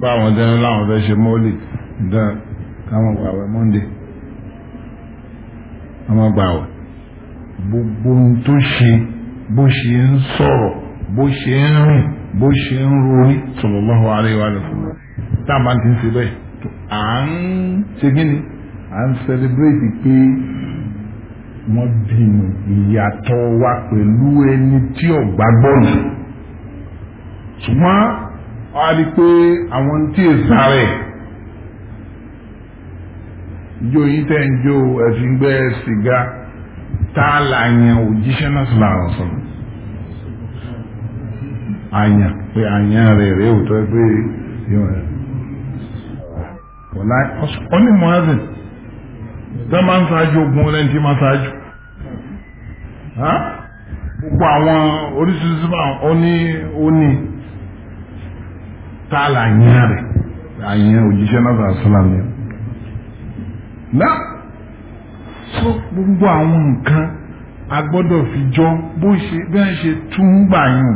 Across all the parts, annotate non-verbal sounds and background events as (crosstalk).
bá àwọn dẹnu láwọn fẹ́ ṣe mọ́lì dán káwọn gbàwẹ̀ monday àwọn gbàwẹ̀ gbogbo ohun tó ṣe bó ṣe ń sọ̀rọ̀ bó ṣe ń rìn bó ṣe ń rori sallallahu alaihi wa sallam tá a máa ti ń ṣe bẹ́ẹ̀ à ń ṣe kí ni à ń sẹlẹbírẹ́tì pé wọ́n bínú ìyàtọ̀ wa pẹ̀lú ẹni tí ò gbàgbọ́ nù wọ́n á rí pé àwọn tí ì sáré jó yín tẹ́ ń jó ẹ̀fín gbẹ́ sìgá tá a là yàn òjíṣẹ́ náà sọ̀rọ̀ àwọn sọ̀rọ̀ àyàn pé àyàn rẹ̀ rẹ̀ ò tọ́ pé yóò rẹ̀ wọ́n ní mọ́ẹ́sìn tẹ́ máa ń ṣáájú ogun rẹ̀ ń tí máa ṣáájú gbogbo àwọn oríṣiríṣi máa ń ó ní ó ní tá a là yẹn rẹ̀ àyẹn òjíṣẹ́ náà sàrà sọ́là ni. náà sọ gbogbo àwọn nǹkan a gbọ́dọ̀ fi jọ bó ṣe bí wọ́n ṣe tún gbà yàn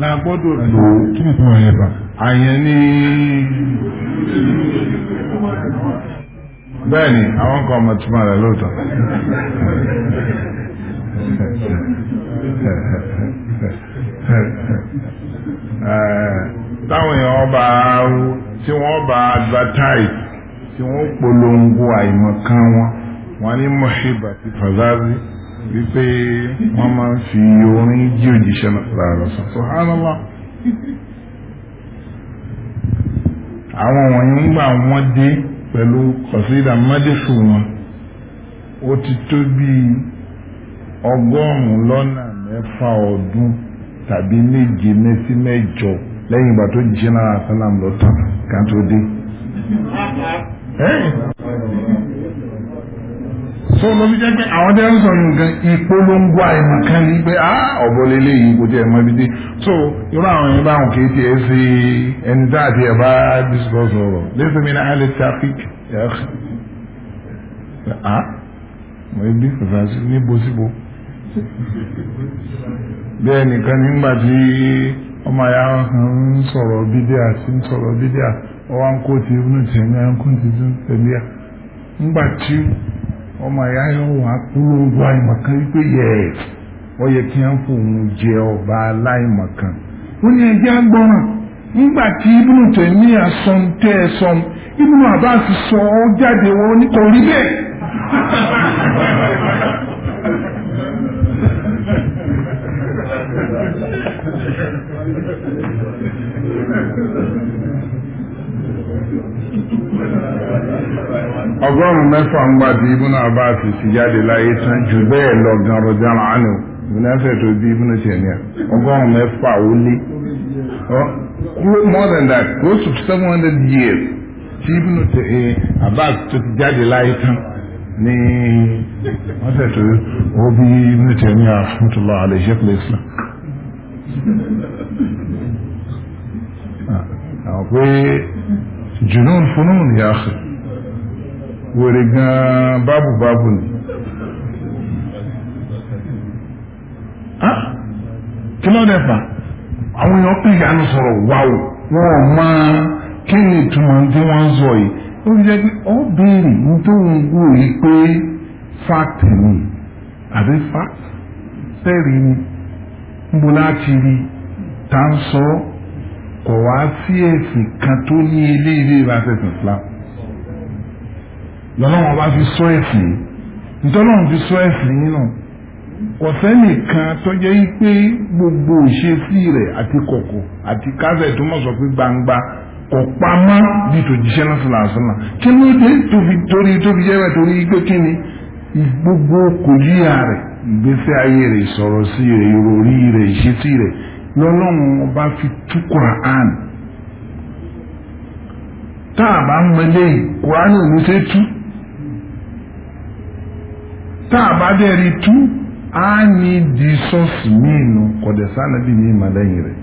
la gbọ́dọ̀ lò ó. kí ni ìtumọ̀ yẹn bá. àyẹn ní. bẹ́ẹ̀ ni àwọn kan ọmọ túmọ̀ rẹ̀ lóòótọ́. Uh, (laughs) (laughs) (laughs) táwọn èèyàn bá tí wọ́n bá advertise tí wọ́n polongo àìmọ̀kan wọn wọ́n ní mọ̀ṣíbà ti fàzáàzì wípé wọ́n máa ń fi orin jí òjíṣẹ́ náà lọ́sọ̀ subhanallah àwọn wọ̀nyí ń gbà wọ́n dé pẹ̀lú kọ̀sídà mádìsù wọn ó ti tó bí ọgọ́rùn-ún lọ́nà mẹ́fà ọdún tàbí méje mẹ́sí mẹ́jọ lẹ́yìn ìgbà tó jìnnà àṣálàm lọ tán ká tó dé. so ló fi jẹ́ pé àwọn jẹ́ ń sọ nǹkan ìpolongo àìmọ̀kan ní pé á ah, ọ̀bọ lélẹ́yìn kò jẹ́ ẹ̀mọ́ ibi dé so irú àwọn yẹn báwọn kì í tiẹ̀ ṣe ẹni tá àti ẹ̀ bá discuss ọ̀rọ̀ lẹ́sìn mi náà lè traffic ẹ̀ á mọ̀ ibi kò fà sí níbo síbo bẹ́ẹ̀ nìkan nígbà tí ọmọ ya ń sọ̀rọ̀ bídíà sí ń sọ̀rọ̀ bídíà ọwá ń kó ti inú tèmi ń kó ti inú tèmi à ńgbà tí ọmọ ya yóò wá kúrò gbọ́ àìmọ̀kan wípé yẹ ẹ̀ ọ yẹ kí wọ́n fòun jẹ ọba aláìmọ̀kan ó ní ẹjẹ́ agbọ́ràn ńgbà tí inú tèmi à sọm tẹ́ ẹ sọm inú àbá ti sọ ọ́ jáde wọ́n nítorí bẹ́ẹ̀. (laughs) ọgọ́rùn-ún mẹ́fà ń gbà tí ibùn abbas ti jáde láyé tán jù bẹ́ẹ̀ lọ gan rọjá àánú ìbùnáfẹ́ tó bí ibùn ọgọ́rùn-ún mẹ́fà ó lé more than that close to seven hundred years tí ibùn tẹ̀míà eh, abbas tó ti jáde láyé tán ní wọ́n tó ó bí ibùn islam. àwọn pé jùnún fúnnú ní àṣẹ wèrè gan bábùbábù ni kí ló dé fà àwọn èèyàn pè yánu sọ̀rọ̀ wáwò wọn ò mọ kí ni ìtumọ̀ tí wọ́n ń sọ yìí ó fi jẹ́ pé ó béèrè nítorí wò ni àbí fact sẹ́ẹ̀rì ni níbo láti rí tá ń sọ kò wá sí ẹ̀sìn kan tó ní ilé ilé ìbáṣẹ̀sìn Islam lọ́lọ́wọ́n bá fi sọ ẹ̀sìn yìí ntọ́lọ́run fi sọ ẹ̀sìn yìí náà kò sẹ́nìkan tó jẹ́ pé gbogbo ìṣesí rẹ̀ àti kọ̀kọ̀ àti kásẹ̀ tó mọ̀ sọ pé gbangba kò pamọ́ bí tòjíṣẹ́ náà sọ̀rọ̀ àṣọ̀nà kí ló dé tó fi jẹ́ rẹ̀ torí pé kí ni gbogbo kò yíya rẹ̀ ìgbésí ayé rẹ̀ si sí rẹ̀ ìròrí rẹ̀ ìṣesí rẹ̀ lọ́lọ́run ọba fi tú Quran tá a bá ń mọlé Quran ò ṣe tú tá a bá dẹ̀ rí tú á ní di sọ́ọ̀sì míì nù kọ̀dẹ̀sá ní ìmọ̀lẹ́yìn rẹ̀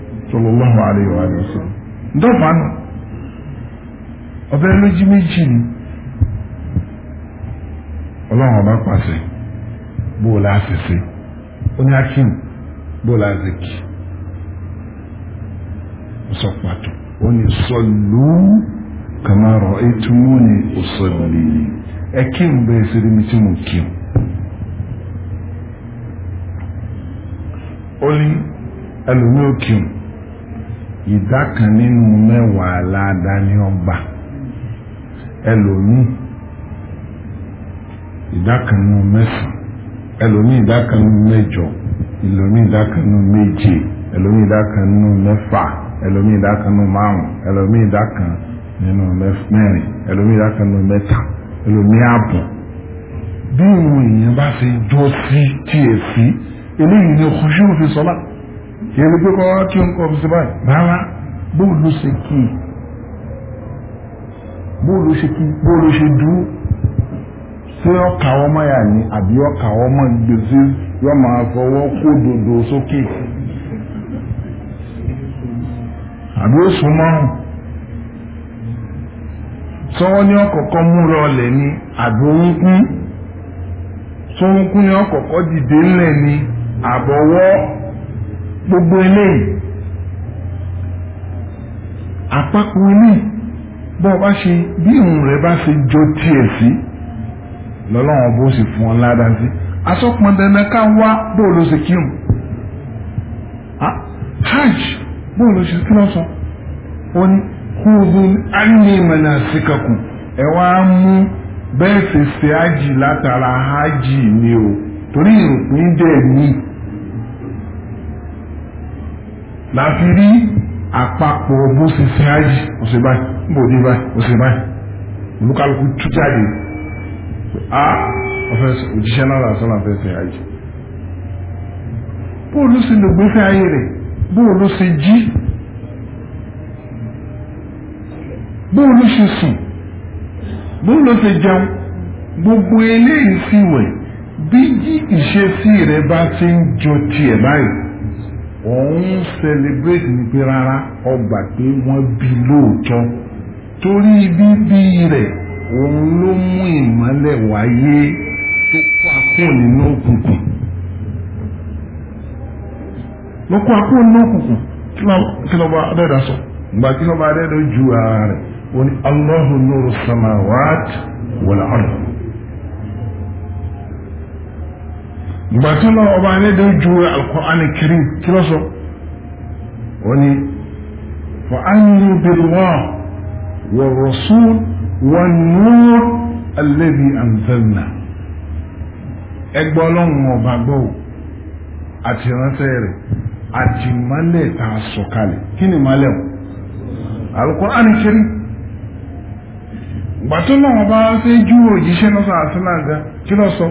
ọbẹ̀ ni ọlọ́run ọba pàṣẹ. bóòlù asịsị onye akim bóòlù azeki sọ onye sọlù kàmárọ etumu ni òsọlù ẹkim bẹẹ sẹbi mi kim oli ẹlòmí òkim ìdá kan nínú mẹ́wàá láàdá ọgbà ẹlòmí ìdá kan nínú ẹlòmíì ìdákanu mẹ́jọ ẹlòmíì ìdákanu méje ẹlòmíì ìdákanu mẹ́fà ẹlòmíì ìdákanu márùn ẹlòmíì ìdákan nínú mẹ́rin ẹlòmíì ìdákanu mẹ́ta ẹlòmíì ààbọ̀ bí ìwọ̀n èèyàn bá ṣe jọ sí tiẹ̀ sí eléyìí ni khushu fi sọ́lá kí ẹni pé kọ́ kí n kọ́ fi ṣe báyìí rárá bóòlù ṣe kí bóòlù ṣe kí bóòlù ṣe dúró. ṣé ọkà ọmọ ni àbí ọkà ọmọ gbèsè yọ máa fọwọ́ kó dodo sókè àbí oṣù márùn tí ni àbí orúnkún tí orúnkún ní ni àbọ̀wọ́ gbogbo eléyìí àpapọ̀ eléyìí bí bá jọ tie Si lọ́lọ́wọ́n bó sì fún ọ ládàá sí asọ́pọn dandan ká wá bó ló ṣe kírun hajj bó ló ṣe kí lọ́ sọ ó ní kúrú ánì mọ̀nàsíkàkùn ẹ wá mú bẹ́ẹ̀ ṣe ṣe hajj látara hajj ni o torí ìròpin dẹ̀ ní láti rí àpapọ̀ bó ṣe ṣe hajj ọ̀sẹ̀ báyìí bòde báyìí báyìí olúkálùkù tú jáde a ah? òjíṣẹ́ náà làásán náà fẹ́ fẹ́ ayé bóòlù sì ayé rẹ̀ bóòlù sì jí bóòlù si ji bóòlù sì jẹun gbogbo eléyìí sì wẹ̀ bí jí ìṣesí rẹ bá ti ń jọ tiẹ̀ báyìí òun celebrate ní pé rárá ọgbà pé wọ́n bí lóòótọ́ torí bíbí rẹ̀ òun ló mú ìmọ́lẹ̀ wáyé tó kó akó nínú òkùnkùn ló kó akó nínú òkùnkùn kí ló bá adẹ́dà sọ ìgbà kí ló bá adẹ́dà ju ara rẹ̀ ó ní Allahu nuru samawat wal ard. ìgbà tí ló bá adẹ́dà ju sọ ó ní والنور الذي أنزلنا ẹgbọ́lọ́run ọba gbọ́ ò gboo ránṣẹ́ rẹ̀ àti ìmọ́lẹ̀ tá a sọ̀kalẹ̀ kí ni ìmọ́lẹ̀ o Al-Qur'an Karim gbàtọ́ náà ọba ṣe jú òjíṣẹ́ náà sọ àti náà ga kí lọ sọ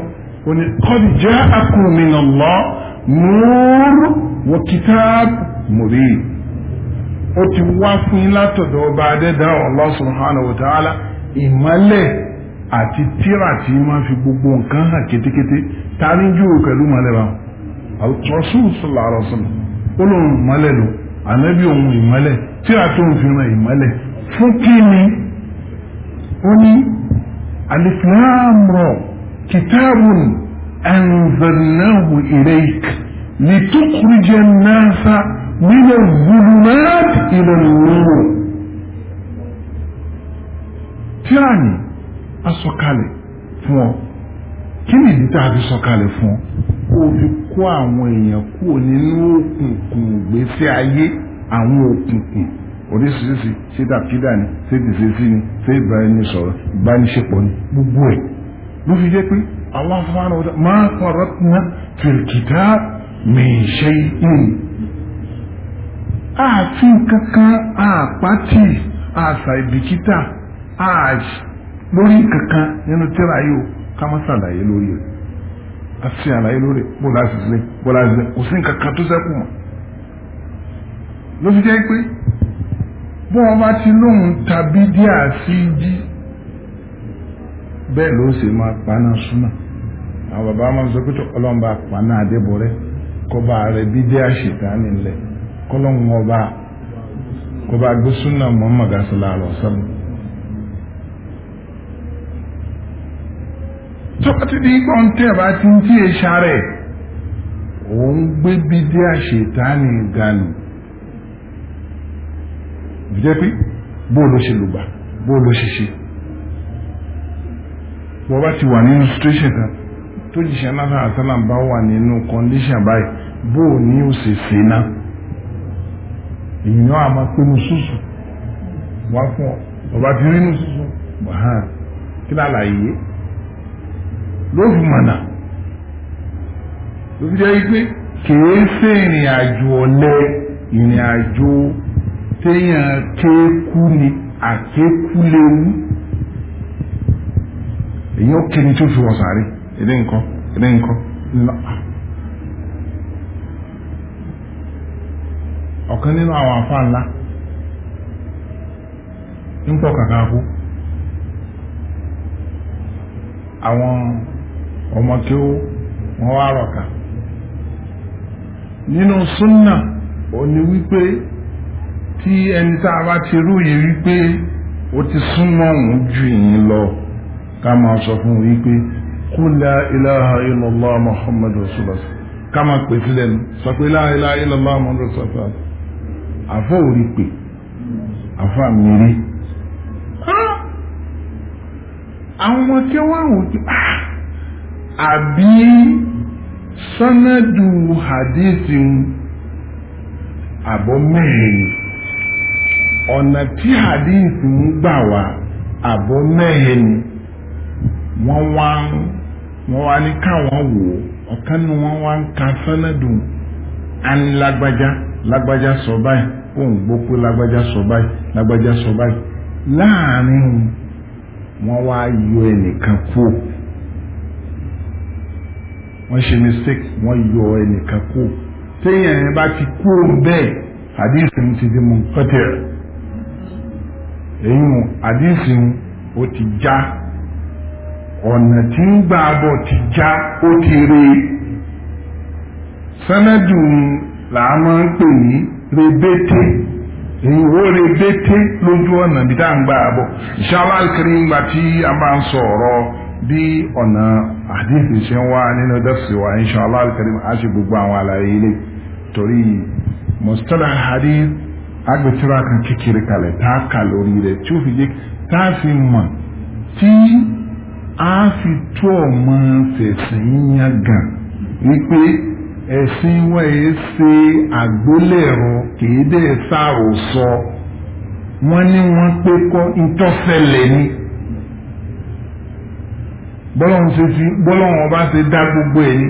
ìmọ́lẹ̀ àti tíra tí wọ́n fi gbogbo nǹkan hàn kétékété ta ní jù pẹ̀lú mọ́lẹ̀ wa Rasul sallallahu alaihi wasallam ó lóun ìmọ́lẹ̀ lò ànábì òun ìmọ́lẹ̀ tíra tó ń fi ran ìmọ́lẹ̀ fún kí ni ó ní alif kitabun anzalnahu ilayk litukhrijan nasa min adh-dhulumat ila an tíra ni a sọ kalẹ̀ fún ọ kí ni ìdí tá a fi sọ kalẹ̀ fún ọ kó o fi kó àwọn èèyàn kúrò nínú òkùnkùn ìgbésí ayé àwọn òkùnkùn oríṣiríṣi ṣé dàkídà ni ṣé dìṣesí ni ṣé ìbáraẹnisọ̀rọ̀ ìbánisẹ̀pọ̀ ni gbogbo ẹ̀ ló fi jẹ́ pé Allah subhanahu wa ta'ala máa farratna fil kitab min shay'in ààfin kankan àpátì àṣà ìbìkítà aj lórí kankan nínú tírà yìí ká má lórí a ti ṣàlàyé lórí bọ́lá ṣiṣẹ́ bọ́lá ṣiṣẹ́ kò sí nǹkan kan tó sẹ́kù mọ́ ló fi jẹ́ pé bọ́ wọn bá ti lóhun tàbí díà sí jí bẹ́ẹ̀ ló ṣe máa paná súnà àwọn bàbá máa sọ pé ọlọ́run bá paná adébọ̀rẹ́ kọba rẹ̀ bí ọba kọba gbé súnà Muhammad sallallahu alaihi tó bá ti di gbọ́n tẹ̀ bá ti ń tí èṣà rẹ̀ òun gbé bídé àṣetánì dànù jẹ́ pé bó ló ṣe lùgbà bó ló ṣe ṣe wọ́n bá ti wà nínú situation kan tó jìṣẹ́ náà àtàlà bá wà nínú condition báyìí bó ní òsè sí náà èèyàn àmọ́ pé mo sùsù wá fún ọ ọba ti rí nù sùsù kí lálàyé. ló fi mọ̀nà ló fi jẹ́ pé kìí ṣe ìrìn àjò ọ̀lẹ ìrìn àjò téèyàn kéékú ni àkéékú léwu èyí ó kéde tó fi sáré nǹkan nǹkan ọ̀kan nínú àwọn ńlá ń ọmọ kí ó wọn wá rọ̀kà nínú súnà ò ní wípé tí ẹni tá a bá ti rúyè wípé ó ti súnmọ́ òun ju ìyìn lọ ká máa sọ fún wípé kú la ilaha illallah muhammadu rasulullah ká máa pè sílẹ̀ nù sọ pé la ilaha illallah muhammadu rasulullah àfọ òrí pè àfọ àmì rí àwọn ọmọ tí wọn wò ó ti ah! àbí sánádù hadithi àbọ̀ mẹ́rin ọ̀nà tí hadithi ń gbà wá àbọ̀ mẹ́rin wọ́n wá wọ́n wá ní káwọn wò ọ̀kan nu wọ́n wá ń ka sánádù ani lágbájá lágbájá sọ báyìí òun gbópó lágbájá sọ báyìí lágbájá sọ báyìí láàrin wọn wá yọ ẹnìkan kúrò. wọ́n ṣe mistake wọ́n yọ ẹnìkan kú téèyàn yẹn bá ti kú bẹ́ẹ̀ àdìsí ń ti di mú pẹ́tẹ́ èyí mu àdìsí ń ó ti já ọ̀nà tí ń gbà bọ̀ ti já ó ti re sẹ́nẹ́dù là á máa ń pè ní rebete èyí ó rebete lójú ọ̀nà bí tá à ń gbà bọ̀ ìṣàlàyé kiri ń gbà tí a bá ń sọ bí ọ̀nà àdíìsì ṣe ń wá nínú dẹ́sì wa insha Allah al-karim a ṣe gbogbo àwọn àlàyé ilé torí mustalah hadith agbẹ̀tura kan kékeré kalẹ̀ tá a kà lórí rẹ̀ tí ó fi jẹ́ tá a fi mọ̀ tí a fi tó ọmọ fẹ̀sìn yíyan gan wípé ẹ̀sìn wọn ẹ̀ ṣe àgbélẹ̀rọ kìí dẹ̀ sáà wọ́n ní wọ́n pé kọ́ ìtọ́fẹ́lẹ̀ ni bọ́lọ́hún ṣe fi bọ́lọ́hún ọba ṣe dá gbogbo ẹ̀yìn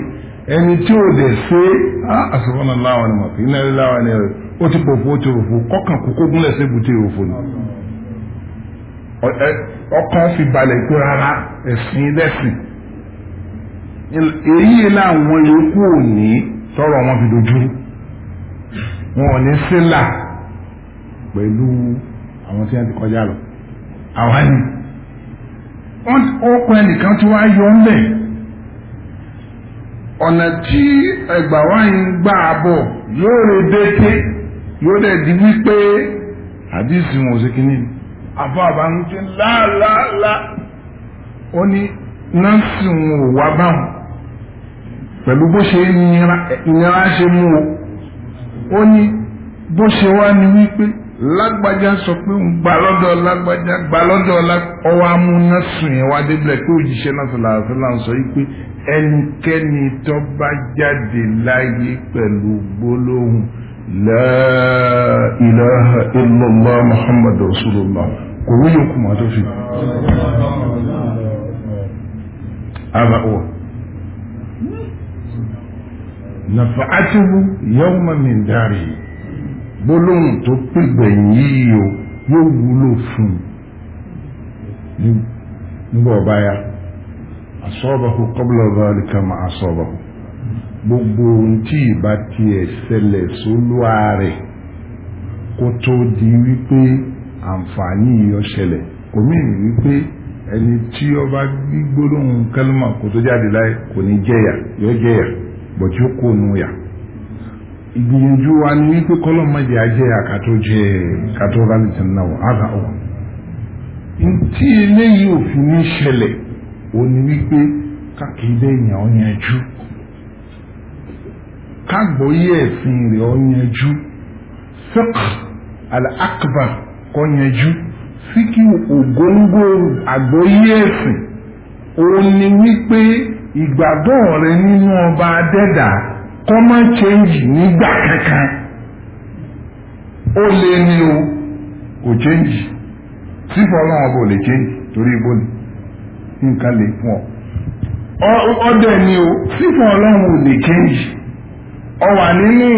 ẹni tí ò dẹ̀ ṣe àṣọwọ́nà láwọn ni màkì iná láwọn ni rẹ̀ ó ti pòfo ó ti ròfo kọ́kàn kókó gúnlẹ̀ sí ibùté òfo ni ọkàn fi balẹ̀ pé rárá ẹ̀sìn lẹ́sìn èyí làwọn yòókù òní tọrọ wọn fi dojúrú wọn ò ní sílà pẹ̀lú àwọn tí wọn ti kọjá lọ àwọn ẹni ọkọ̀ ẹnìkan tí wàá yọ ńlẹ̀ ọ̀nà tí ẹgbà wá ń gbà bọ̀ yóò rè dété yóò dẹ̀ di wípé àdìsí wọn ò sí kínní àbọ̀ àbá ń fi láàláàlá ó ní nọ́ọ̀sì wọn ò wá báwọn pẹ̀lú bó ṣe ìnira ṣe mú o ó ní bó ṣe wá ní wípé lágbájá sọ pé ń gbà lọ́dọ̀ lágbájá gbà lọ́dọ̀ ọwọ́ amúnásùn yẹn wá débìlẹ̀ pé òjíṣẹ́ náà sọ̀rọ̀ àṣẹ náà sọ yìí pé ẹnikẹ́ni tó bá jáde láyé pẹ̀lú gbólóhùn la ilaha illallah muhammad rasulullah kò wúyọ kù mà tó fi. nafa'atuhu yawma min dari. gbólóhùn tó pègbẹ̀yìn yìí o yóò wúlò fún un nígbà ọba ya asọ́bàkú kọ́bùlọ̀ báàlìkà mà asọ́bàkú gbogbo ohun tí ìbá tiẹ̀ ṣẹlẹ̀ sólúwa rẹ̀ kó tó di wípé àǹfààní yọ ṣẹlẹ̀ kò mìíràn wípé ẹni tí ó bá gbígbólóhùn kó tó jáde kò ní jẹ́yà yọ jẹ́yà ìgbìyànjú wa ni wípé kọlọ má jẹ́ ajẹ́ àkàtó jẹ́ kàtó náà wà ára tí eléyìí òfin ní ṣẹlẹ̀ ò wípé kákéde èèyàn ọ yanjú kágbóyè ẹ̀sìn rẹ̀ ọ yanjú fiqh al-akbar kọ yanjú wípé ọba kọ́ change nígbà kankan ó lé ní o kò change tí fọlọ́n ọba ò lè change torí ibo ni nǹkan lè fún ọ ọdẹ ni o tí fọlọ́n ò lè change ọwà nínú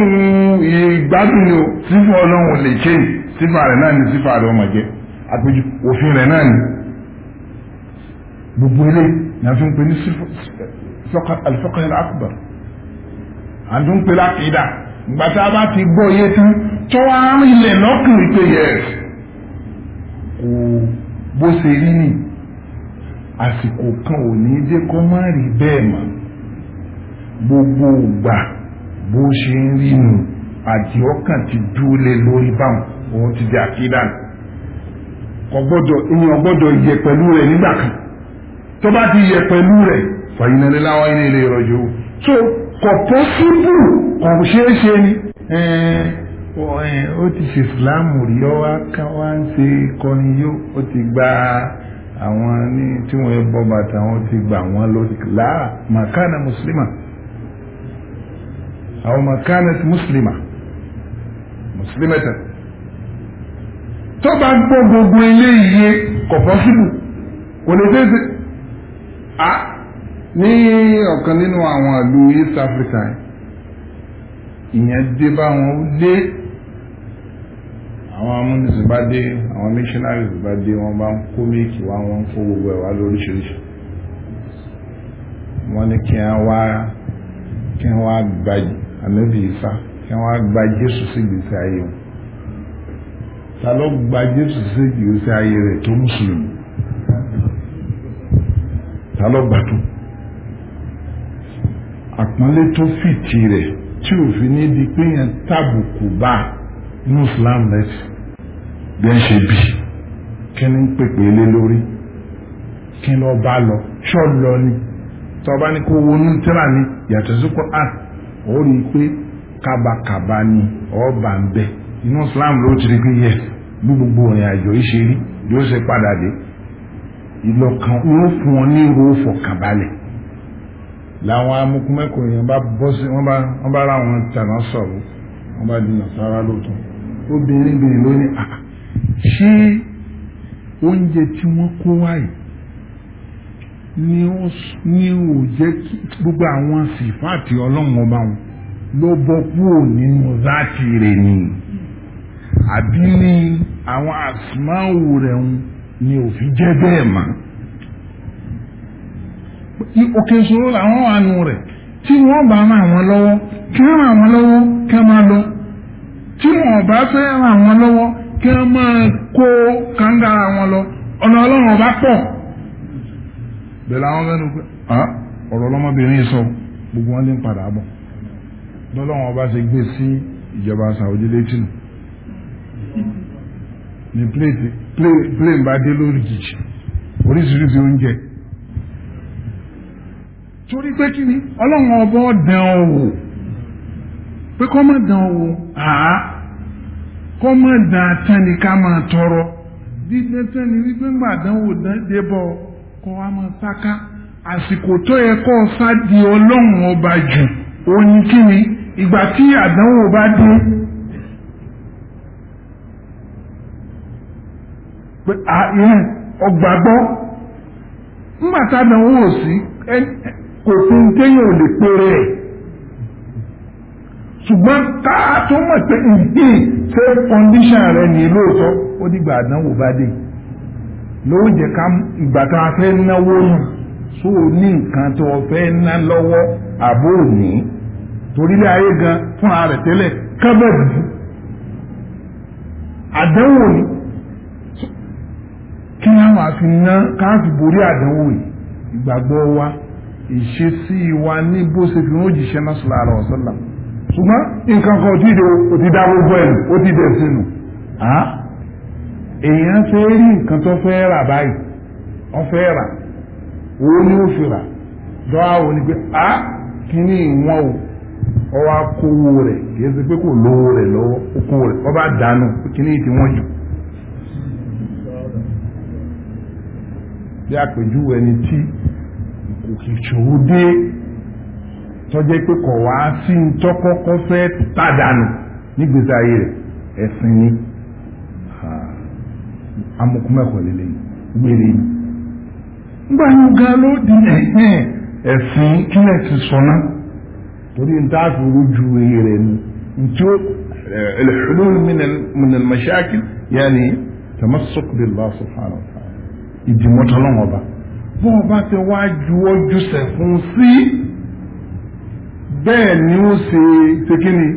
ìgbádùn ni o tí fọlọ́n ò lè change sífà rẹ̀ náà ni sífà rẹ̀ ọmọ jẹ́ àpèjú òfin rẹ̀ náà ni gbogbo eléyìí ni a fi ń pè ní alifọ́kọ̀ akbar à ń tún pè lákìdá ìgbà tá a bá ti gbọ́ iye tán tó wá ń rinlẹ̀ lọ́kàn ìpè yẹ kò bó ṣe rí ni àsìkò kan ò ní jẹ́ kó má rí bẹ́ẹ̀ mọ́ gbogbo ìgbà bó ṣe ń rí nu àti ọkàn ti dúlé lórí báwọn òun ti di àkídà nù kò gbọ́dọ̀ èèyàn gbọ́dọ̀ yẹ pẹ̀lú rẹ̀ nígbà kan tó bá ti yẹ pẹ̀lú rẹ̀ fàyínà lẹ́láwọ́ ilé ìrọ̀jò so kò pọ́síbù kò ṣeé ṣe ni ó ti ṣe ìsìláàmù rí ọ wá wá ń ṣe kọrin yó ó ti gba àwọn ní tí wọ́n bọ́ bàtà wọn ti gbà wọ́n lọ láà màkánà mùsùlùmá àwọn màkánà mùsùlùmá mùsùlùmá tẹ̀ tó bá gbọ́ gbogbo eléyìí kò pọ́síbù kò lè ṣeé ṣe ní ọ̀kan nínú àwọn ìlú East Africa ìyẹn dé bá wọn dé àwọn amúnisìn bá dé àwọn missionaries bá dé wọn bá ń kó méèkì wá wọn ń kó gbogbo ẹ̀ wá lóríṣiríṣi wọn ní kí wọn wá kí wọn wá gba ànábì Ìsá kí wọn wá gba Jésù sí gbèsè ayé wọn ta ló gba Jésù sí gbèsè ayé rẹ̀ tó mùsùlùmí ta ló gbàtú àpọ́nlé tó fìtì rẹ̀ tí òfin ní di pé yẹn tàbùkù bá inú Islam lẹ́sìn bí ẹ ṣe bí kí ni ń pèpè lé lórí kí ni ọba lọ ṣọ́ lọ ni tọba ni kó wọnú tíra ni yàtọ̀ sí Quran ó rí i pé kábàkàbà ni ọba ń bẹ inú Islam ló ti rí pé yes bí gbogbo òrìn àjò yìí ṣe rí yóò ṣe padà dé ìlọkàn wọn fún ọ ní ìró fọkànbalẹ̀ làwọn amukumẹ́kọ̀ yẹn bá bọ́ sí wọ́n bá wọ́n bá ráwọn tàná sọ̀rọ̀ wọ́n bá di nàṣàrà lóòótọ́ obìnrin bìnrin ló ní ah, ṣé oúnjẹ tí wọ́n kó wáyé ni ó ní ò jẹ́ kí gbogbo àwọn sífàtì ọlọ́run ọba wọn ló bọ́ kúrò nínú záàtì rẹ̀ ni àbí ni àwọn àsìmáwò rẹ̀ ń ni òfin jẹ́ bẹ́ẹ̀ mọ́ òkè ìṣòro làwọn wà nù rẹ̀ tí wọ́n bá ràn wọ́n lọ́wọ́ kí wọ́n ràn wọ́n lọ́wọ́ kí wọ́n máa lọ tí wọ́n bá fẹ́ ràn wọ́n lọ́wọ́ kí wọ́n máa kó kàńgára wọn lọ ọ̀nà ọlọ́run ọba pọ̀ bẹ́ẹ̀ làwọn fẹ́nu pé ọ̀rọ̀ ọlọ́mọbìnrin sọ gbogbo wọn lè ń padà bọ̀ lọ́lọ́run ọba ṣe gbé sí ìjọba Saudi létí nù ní plane bá dé lórí jìjì oríṣiríṣi oúnjẹ torí pé kí ni ọlọ́run ọba dán ọ pé kọ́ mọ̀ dán ọ wò àá kọ́ mọ̀ dán tán ni ká máa tọrọ dídán tán ni wípé ńgbà dánwò dé bọ̀ kọ́ wa máa sáká àsìkò tó yẹ kọ́ ọ sá di ọlọ́run ọba jù ó kí ni ìgbà tí àdánwò bá dé. ọgbàgbọ́ ńgbà tá àdánwò ò sí kò sí téèyàn lè pè ẹ̀ ṣùgbọ́n ká tó mọ̀ pé nǹkan ṣe condition rẹ̀ ní lóòótọ́ ó dìgbà àdánwò bá dé lówó jẹ́ ká ìgbà tá a fẹ́ náwó nù tó o ní nǹkan tó o fẹ́ ná lọ́wọ́ àbó òní torílẹ̀ ayé gan tẹ́lẹ̀ àdánwò ni kí wa. ìṣesí wa ní bó ṣe fi wọ́n jìṣẹ́ náà sọ̀rọ̀ àrọ̀ ọ̀sọ́là ṣùgbọ́n nǹkan kan ti dò ó ti dá gbogbo ẹ̀ ó ti dẹ̀ sínú. èèyàn fẹ́ rí nǹkan tó fẹ́ rà báyìí wọ́n fẹ́ rà owó ni ó fi rà dọ́wọ́ àwọn ni pé a kì ní ìwọ̀n o ọwọ́ akówó rẹ̀ kìí ṣe pé kò lówó rẹ̀ lọ́wọ́ okó rẹ̀ ọba dànù kì ní ìtì wọ́n jù. bí àpèjúwe ẹni tí ṣòwúdé tọ́jẹ́ pé kọ̀ wá sí ń tọ́kọ́kọ́ fẹ́ tàdánù nígbèsè ayé rẹ̀ ẹ̀sìn ni amukumẹ́kọ̀ lélẹ̀ gbére ni. nígbà yóò ga ló di ẹ̀sìn kílẹ̀ ti sọ̀nà torí n ta fi iye rẹ̀ ni nti o الحلول من من المشاكل يعني تمسك بالله سبحانه وتعالى يدي موت bó o bá ti wá ju ojú sẹ̀fún sí bẹ́ẹ̀ ni ó ṣe tekini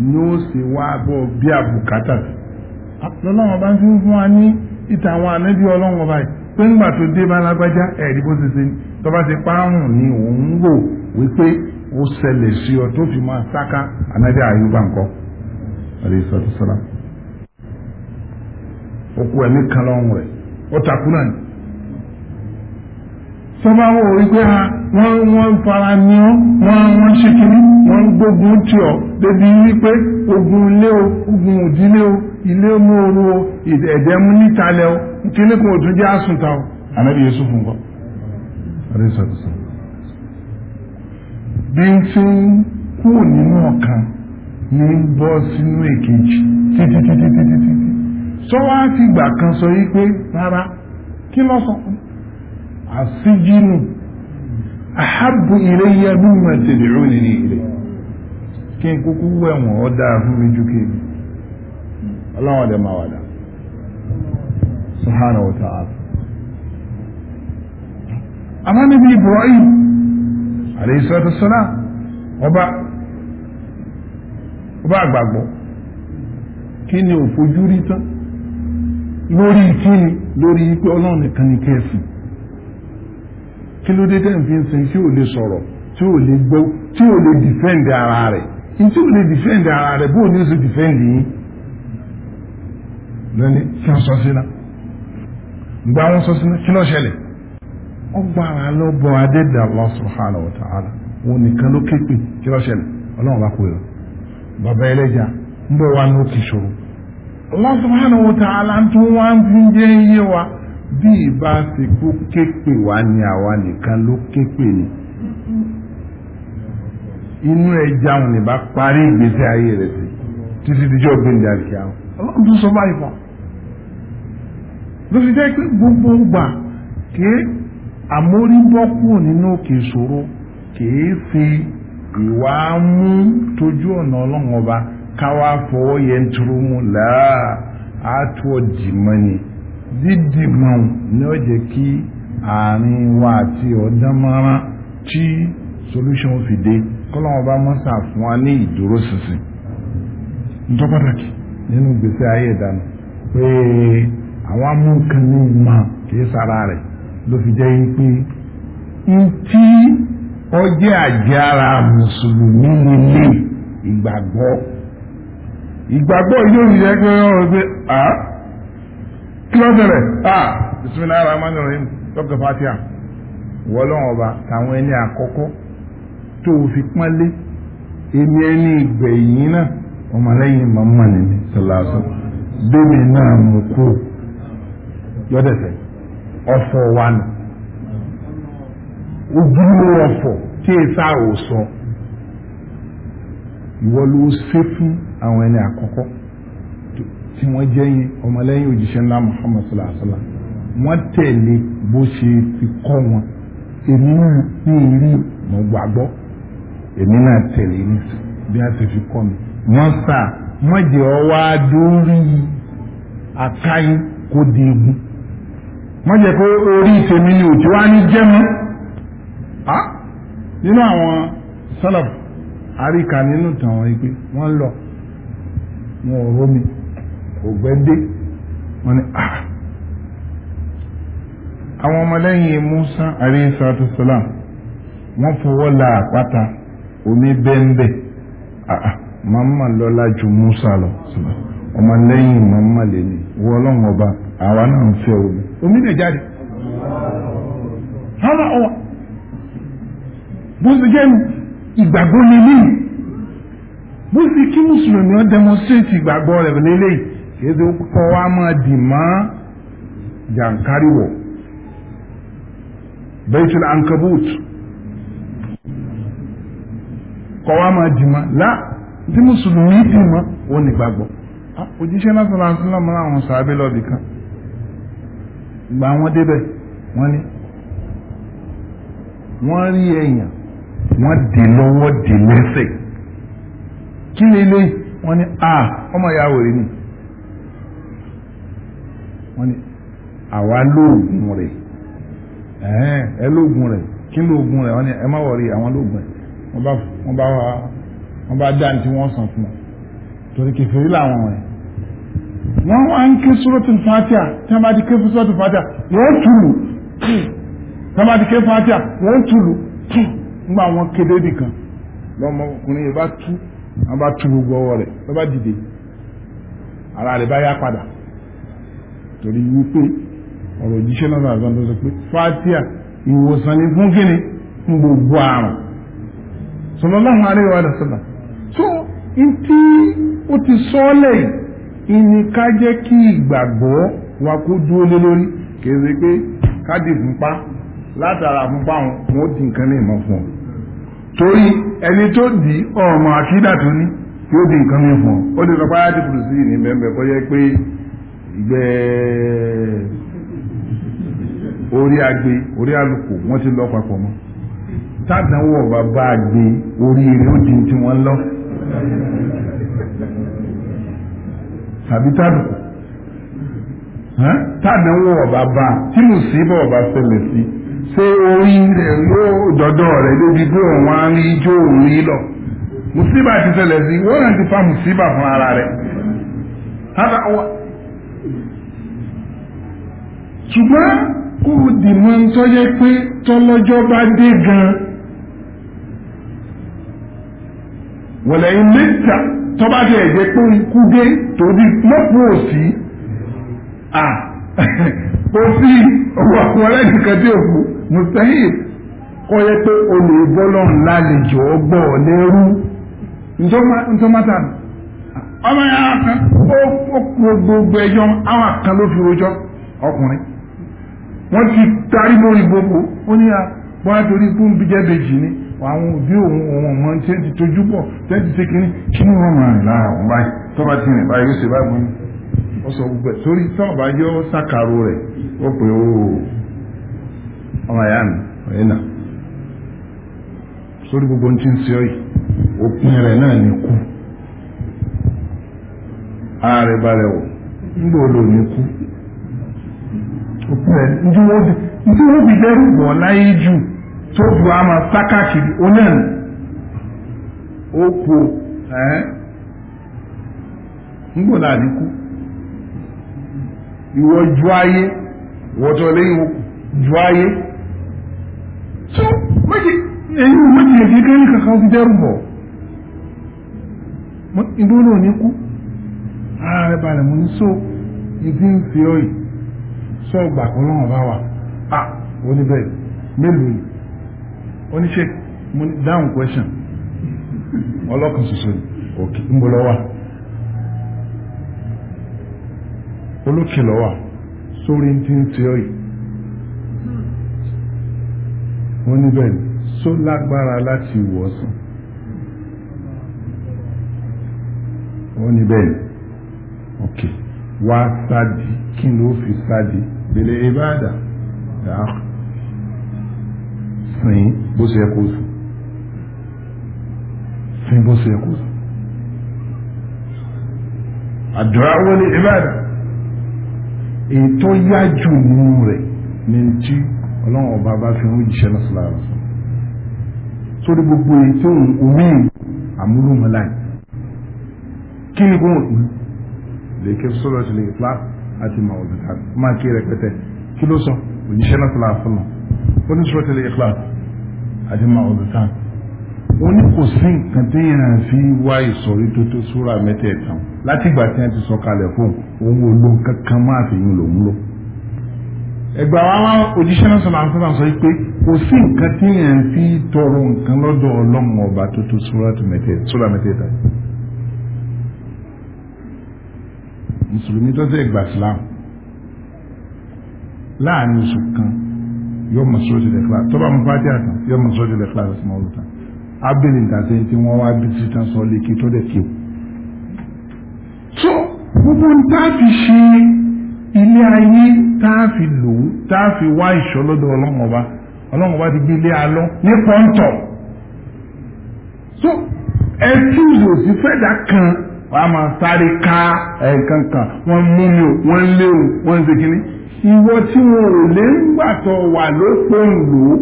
ni ó ṣe wá bọ́ bí àbùkátà sí. lọ́lọ́wọ́n bá ń fi fún wa ní ìtàn àwọn ànábì ọlọ́wọ́n báyìí pé ńgbà tó dé bá lágbájá ẹ̀rí bó ṣe ṣe ni tó bá ti párùn ni òun wò wípé ó ṣẹlẹ̀ sí ọ tó fi máa sáká ànábì àyùbá nǹkan. alayhi salatu salam. ó ẹ̀mí kan lọ́rùn rẹ̀ ó takú náà ni tó bá wọ orí pé wọ́n wọ́n ń fara ní ọ́ wọ́n wọ́n ṣe kiri wọ́n gbógun tì ọ́ débi wípé ogun ilé o ogun òdílé o ilé mú oru o ẹ̀dẹ̀mú nítalẹ̀ o kíní kan ò tún jẹ́ àsùntà o ànábì Yusuf nǹkan. bí n ti ń kúrò nínú ọ̀kan ní bọ́ sínú èkejì títí títí títí títí sọ wá ti gbà kan sọ yí pé rárá kí ló sọ fún السجن أحب إلي مما تدعونني إليه kí n kúkú wẹ̀wọ̀n ó dáa fún mi ju kéèmí ọlọ́run ọ̀dẹ̀ máa wà dá subhanahu wa ta'ala Ibrahim alayhi salatu ọba ọba àgbàgbọ́ ni òfojú lori kí ló dé tẹ́ ń fi ń sin tí ò lè sọ̀rọ̀ tí ò lè gbọ́ tí ò lè ara rẹ̀ tí ò lè defend ara rẹ̀ bóò ní oṣù dìfẹ́ǹdì kí wọ́n sọ gba wọn sọ kí ṣẹlẹ̀ ọgbà wọn nìkan ló ké kí ló ṣẹlẹ̀ ọlọ́run bá kú yọ bàbá ẹlẹ́jà ń bọ̀ wá ní ṣòro wa. bí ìbá ti kú képè wá ni àwa nìkan ló képè ni inú ẹja òun nìbá parí ìgbésí ayé rẹ̀ sí títí díjọ́ gbẹ̀ndẹ̀ àríkà ọ̀ ọlọ́run tó sọ báyìí fún ló fi jẹ́ pé gbogbo gbà kí àmórígbọ́ kúrò nínú òkè ìṣòro kìí fi ìwà mú tójú ọ̀nà ọlọ́run ọba káwá fọwọ́ yẹn turu mu làá àtúwọ̀ jìmọ́ ni. didi ní ọ jẹ́ kí àárín wa àti ọ̀dán tí solution fi dé kọ́lọ́wọ́n bá fún wa ní ìdúró ṣinṣin nínú gbèsè ayé ìdáná pé àwọn amúnkan ma ìmọ̀ kìí sára ló fi jẹ́ pé ntí ọjẹ́ àjára mùsùlùmí nílé ìgbàgbọ́ ìgbàgbọ́ yóò kí bẹ̀rẹ̀ ah bisimilayi rahman rahim dr fatia wọlọ́n ọba táwọn ẹni àkọ́kọ́ tó o fi pọ́nlé èmi ẹni ìgbẹ̀yìn náà ọmọlẹ́yìn màmá nìyí sọláṣọ bẹ́ẹ̀ni náà mo kú yọ̀dẹ̀sẹ̀ ọ̀fọ̀ wa nù ojúlówó ọ̀fọ̀ tí èsà ò sọ ìwọ ló ṣe fún àwọn ẹni àkọ́kọ́ tí wọ́n jẹ́ ọmọlẹ́yìn òjíṣẹ́ ńlá Muhammad sallallahu alaihi wa sallam wọ́n tẹ̀lé bó ṣe fi kọ́ wọn èmi náà ní ìrí mo gbàgbọ́ èmi náà tẹ̀lé ní bí a ṣe fi kọ́ mi wọ́n sà wọ́n jẹ́ ọwọ́ adórí àtàyè kó di egun wọ́n jẹ́ pé orí tèmi ni òjò wá ní jẹ́mu nínú àwọn sálàfù àríkà nínú tàn wọ́n yìí pé wọ́n lọ wọn ò rómi ògbẹ́ dé wọ́n ní ah. àwọn ọmọlẹ́yìn Musa alayhi salatu salam wọ́n fọwọ́ la àpáta omi bẹ́ńbẹ́ ah, ah, màmá lọ́la ju Musa lọ ọmọlẹ́yìn màmá lè ní wọ́n ọlọ́run ọba àwa náà ń fẹ́ omi omi lè jáde hálà ọwà bó ṣe jẹ́ ìgbàgbọ́ nílé bó ṣe kí mùsùlùmí ọ dẹmọ́sírètì ìgbàgbọ́ rẹ̀ nílé yéésù kowa ma baitul ankabut kowa ma máa dì mọ́ lá tí mùsùlùmí dì mọ́ ó ní gbàgbọ́ ah, òjíṣẹ́ náà àwọn kan gbà wọ́n débẹ̀ wọ́n ní wọ́n rí èèyàn wọ́n di lọ́wọ́ dè lẹ́sẹ̀ kí a ah, ọmọ ni. wọ́n ní àwa lóògùn rẹ̀ ẹ lóògùn rẹ̀ kí lóògùn rẹ̀ wọ́n ní ẹ má wọ̀rí àwọn lóògùn rẹ̀ wọ́n bá wà bá wọ́n bá dá ní tí wọ́n sàn fún wọn torí kẹfìrí làwọn rẹ̀ wọ́n wá ń ké tí wọ́n bá ti ké suratul wọ́n tùlù tí bá ti ké wọ́n tùlù tí nígbà wọn kéde lọ́mọkùnrin yìí bá tú wọ́n bá tu gbogbo ọwọ́ rẹ̀ dìde ara rẹ̀ bá yá torí wípé ọ̀rọ̀ òjíṣẹ́ náà náà tó sọ pé fatia ìwòsàn ni fún kíni fún gbogbo àrùn so ntí ó ti so ìní ká jẹ́ kí ìgbàgbọ́ wa kó dúró lé lórí kì pé káàdì fúnpá látara fúnpá wọn wọn di nǹkan ní ìmọ̀ fún ọ torí ẹni tó di ọmọ akídà tó ní yóò di nǹkan ní fún ọ ó lè ìgbẹ́ orí agbe orí àlùkò wọn ti lọ papọ̀ mọ́ tádàwọ̀ bàbá agbe orí eré ó tí wọ́n lọ tàbí tádùkù tádàwọ̀ bàbá tí mo sì bọ̀ sí ṣé orí rẹ̀ yóò dọ́dọ̀ rẹ̀ lóbi pé òun á rí ijó òun lọ Musiba ti sí fa Musiba fún ara ṣùgbọ́n kò dìmọ̀ tó yẹ pé tọ́lọ́jọ́ bá dé gan wọ̀lẹ̀ ilé-ìta tó bá jẹ́ ẹ̀jẹ̀ pé ń dé torí lọ́pọ̀ òsì kò sí àwọn tí òkú kọ́ yẹ pé olè lálejò ọgbọ́ lẹ́rú ntọ́mátà wọ́n ti tarí lórí gbogbo ó ní àwọn àtòrí fún bíjẹ́bèjì ní àwọn òbí òun òun ọmọ tí ó ti tójú bọ̀ tí ó ti ṣe kínní kí ni wọ́n máa rìn lára òun báyìí tó ti rìn báyìí ó ṣe báyìí ó ndị obi ndị nwobideru bụ ọlaghị ju tóbu ama sákàkiri onye okwo ngbọdọ àdínkù ìwọ ju ayé juaye lẹ́yìn ju juaye tó eyi, èyí méjì èyí kékeré kankan ti dẹrù bọ ìdúró ní kú mo ní so ìdí sọ ìgbà kan náà bá wà á oníbẹ̀ mélòó ni oníṣe mo ní down question ọlọ́kan ṣoṣo ni òkè ń bọ̀ lọ́wọ́ olókè lọ́wọ́ sórí ti ń ṣe ọ̀yì wọ́n níbẹ̀ ni só lágbára láti wọ̀ ọ́ sùn wọ́n níbẹ̀ ni òkè wá sáàdì kí ló fi sáàdì bèlè ìbáàdà dá sìn bó ṣe kó sùn sìn bó ṣe kó sùn àdúrà wọn ní ìbáàdà ètò yájú nù rẹ̀ ní ti ọlọ́run ọba bá fi ń jíṣẹ́ lọ́sọ̀lá rẹ̀ sórí gbogbo ètò omi àmúlùmọ́láì kí ni kò lè ké sọ́dọ̀ sí lè fúláàpù àti mawudu haq máa kí rẹpẹtẹ kí ló sọ òjíṣẹ́ náà sọlá àfọlọ́ ó ní sọ́tẹ̀ lè ikhlas àti mawudu haq ó ní kò sí nǹkan tí yẹn fi wá ìsọ̀rí tó tó súra mẹ́tẹ̀ẹ̀ta láti ìgbà tí wọ́n ti sọ kalẹ̀ fún òun ò lo kankan máa fi yín lòún lò ẹgbà wa wá òjíṣẹ́ náà sọ̀rọ̀ àǹfààní sọ pé kò sí nǹkan tí yẹn fi tọrọ nǹkan lọ́dọ̀ ọlọ́run ọba tó tó súra mẹ́tẹ̀ẹ̀ta mùsùlùmí tó tẹ̀ gbà islam láàrin oṣù kan yóò mọ̀ sóòtì lè kíláàsì tó bá mú pàtí àtàn yóò mọ̀ sóòtì lè kíláàsì sí mọ́lù tán abdul ntàsẹ́ tí wọ́n wá bí tí tán sọ lékè tó dẹ̀ kíw. tó gbogbo tá a fi ṣe ilé ayé tá a fi lò ó tá a fi wá ìṣọ́ lọ́dọ̀ ọlọ́run ọba ti gbé ilé alọ́ ní pọ́ńtọ̀. tó ẹ túwò fẹ́dà kan wọ́n á máa sáré ká ẹ̀ẹ̀kan kan wọ́n mú mi ò wọ́n léwu wọ́n ń ṣe kínní. ìwọ tí wọn ò lè ń gbàtọ̀ wà lóko ń lò ó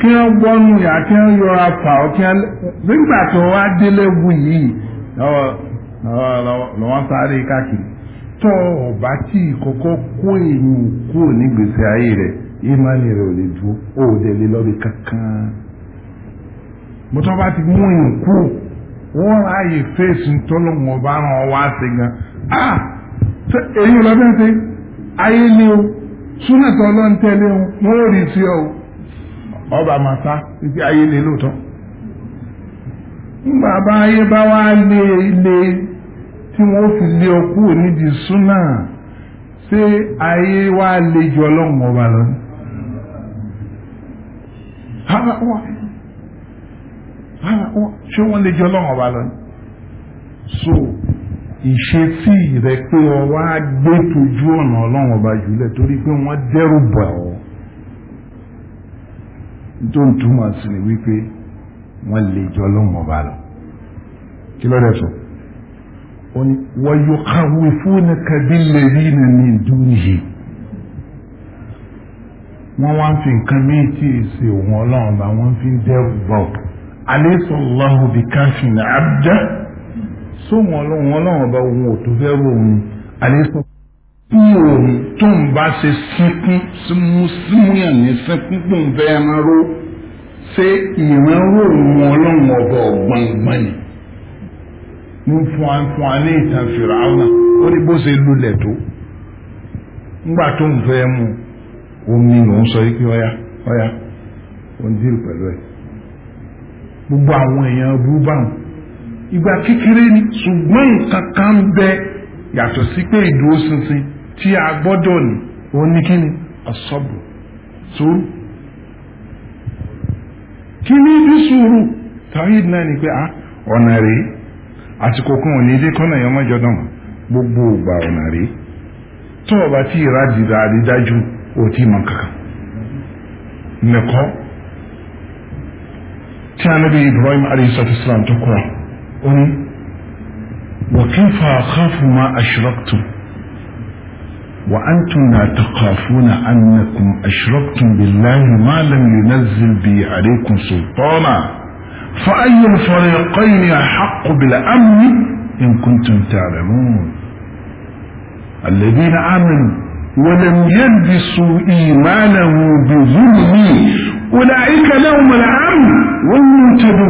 kí wọ́n gbọ́nù yà kí wọ́n yọra fà ọ́ kí wọ́n nígbà tó wá délé wù yìí lọ́wọ́ sáré káàkiri tọ́ ọ̀bá tí ìkọ́kọ́ kó èèyàn kúrò nígbèsè ayé rẹ̀ ìmánì rẹ̀ ò lè dúró ó dẹ̀ lé lọ́bi kankan. mo tọ́ bá ti mú èèyàn kúrò. wọ́n ráàyè fèsì ntọ́lọ́wọ̀n ọba ràn ọ́ wá ah èyí lọ bẹ́ẹ̀ ayé ni o súnàtọ̀ ọlọ́run o wọ́n ò rí sí ọ ọba màtá títí ayé ni lóòótọ́ nígbà bá ayé bá wá lé ilé tí wọ́n fi lé ọ kúrò súnà ayé lé Ah, oh, ṣé wọ́n lè jọ lọ́wọ́ wa lọ ni. so ìṣesí rẹ pé ọwọ́ á gbé tójú ọ̀nà ọlọ́run ọba jùlẹ̀ torí pé wọ́n dẹ́rù bà ọ́ tó ń túmọ̀ sí ni wípé wọ́n lè jọ lọ́wọ́ ọba lọ. kí ló dé sọ. wọ́n yóò kàwé fún ẹ̀kẹ́bí lèrí nà ní ìdúró yìí wọ́n wá ń fi nǹkan méjì sí òun ọlọ́run bá wọ́n fi ń dẹ́rù bọ̀ àlééfò lọ́hùn bí káfíìn àbdá sóhun ọlọ́run ọlọ́run ọba òun ò tó fẹ́ rò òun àlééfò ní òun tó ń bá ṣe síkún símúyàn ní síkún tó ń fẹ́ ẹran ró ṣé ìran ró òun ọlọ́run ọba ọ̀gbọ̀ngbọ̀n ni mo fún wa fún wa ní ìtàn fìràwọ̀n ó ní bó ṣe lulẹ̀ tó ńgbà tó ń fẹ́ mu omi mò ń sọ yìí pé ọ̀ya ọ̀ya ó ń dìrù pẹ̀lú ẹ̀ gbogbo àwọn èèyàn bú báwọn ìgbà kékeré ni ṣùgbọ́n nǹkan kan ń bẹ yàtọ̀ sí pé ìdúróṣinṣin tí a gbọ́dọ̀ ní òun ní kí ni ọ̀sọ́bù sùúrù kí ni bí sùúrù tawhid náà ni pé a ah, ọ̀nà rèé àsìkò kan òní dé kọ́nà yẹn mọ́jọ náà gbogbo ògbà ọ̀nà rèé tó o bá tí ìradìdà àrídájú ò tí ì mọ kankan nìkan. تنبي إبراهيم عليه الصلاة والسلام تقوى وكيف أخاف ما أشرقتم وأنتم لا تخافون أنكم أشركتم بالله ما لم ينزل بي عليكم سلطانا فأي الفريقين أحق بالأمن إن كنتم تعلمون الذين آمنوا ولم يلبسوا إيمانه بظلم wùláìkà لهم العام wọ́n mú tẹ̀lú